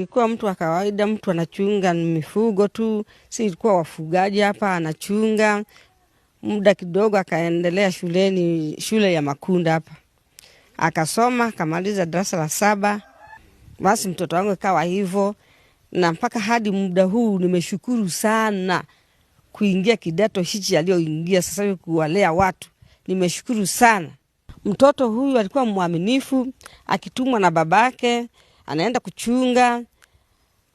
Ilikuwa mtu wa kawaida, mtu anachunga mifugo tu, si ilikuwa wafugaji hapa, anachunga muda kidogo, akaendelea shuleni, shule ya Makunda hapa akasoma, akamaliza darasa la saba. Basi mtoto wangu ikawa hivyo, na mpaka hadi muda huu nimeshukuru sana kuingia kidato hichi aliyoingia sasa hivi kuwalea watu, nimeshukuru sana. Mtoto huyu alikuwa mwaminifu, akitumwa na babake anaenda kuchunga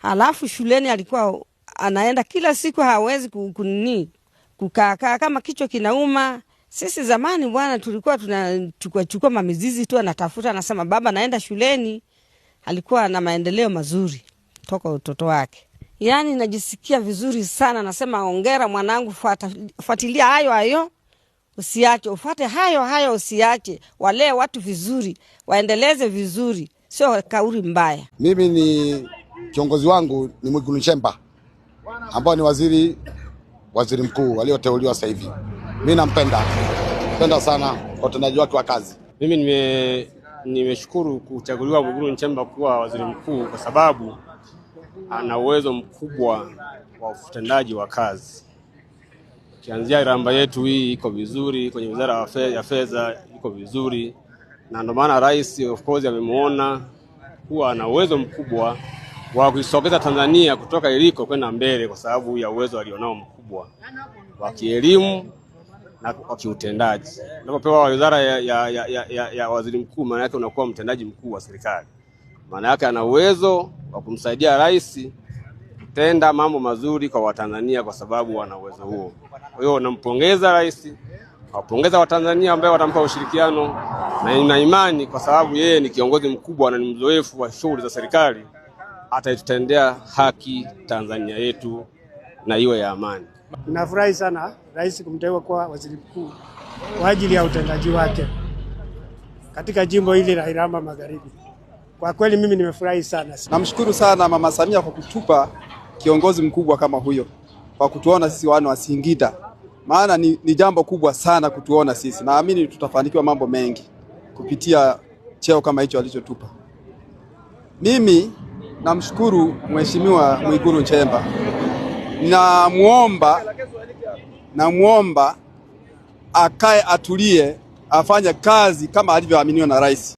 alafu shuleni alikuwa anaenda kila siku, hawezi kunini kukaakaa kama kichwa kinauma. Sisi zamani bwana, tulikuwa tunachukua chukua mamizizi tu, anatafuta anasema, baba naenda shuleni. Alikuwa na maendeleo mazuri toka utoto wake, yani najisikia vizuri sana. Nasema ongera mwanangu, fuatilia hayo hayo usiache, ufate hayo hayo usiache, walee watu vizuri, waendeleze vizuri, sio kauri mbaya. Mimi ni Kiongozi wangu ni Mwigulu Nchemba ambaye ni waziri waziri mkuu aliyoteuliwa sasa hivi. Mimi nampenda nampenda sana kwa utendaji wake wa kazi. Mimi nime nimeshukuru kuchaguliwa Mwigulu Nchemba kuwa waziri mkuu kwa sababu ana uwezo mkubwa wa utendaji wa kazi. Ukianzia ramba yetu hii iko vizuri, kwenye wizara ya fedha iko vizuri, na ndio maana rais of course amemuona kuwa ana uwezo mkubwa wa kuisogeza Tanzania kutoka iliko kwenda mbele kwa sababu ya uwezo walionao mkubwa wa kielimu na kwa kiutendaji. Unapopewa wizara ya, ya, ya, ya, ya, ya waziri mkuu, maana yake unakuwa mtendaji mkuu wa serikali. Maana yake ana uwezo wa kumsaidia rais kutenda mambo mazuri kwa Watanzania kwa sababu wana uwezo huo. Kwa hiyo nampongeza rais, nawapongeza Watanzania ambao watampa ushirikiano na ina imani kwa sababu yeye ni kiongozi mkubwa na ni mzoefu wa shughuli za serikali ataitutendea haki Tanzania yetu na iwe ya amani. nafurahi sana rais kumteua kuwa waziri mkuu kwa ajili ya utendaji wake katika jimbo hili la Iramba Magharibi. Kwa kweli mimi nimefurahi sana. Namshukuru sana Mama Samia kwa kutupa kiongozi mkubwa kama huyo, kwa kutuona sisi wana wa Singida, maana ni, ni jambo kubwa sana kutuona sisi. Naamini tutafanikiwa mambo mengi kupitia cheo kama hicho alichotupa mimi Namshukuru Mheshimiwa Mwigulu Nchemba, namwomba namwomba akae atulie, afanye kazi kama alivyoaminiwa na rais.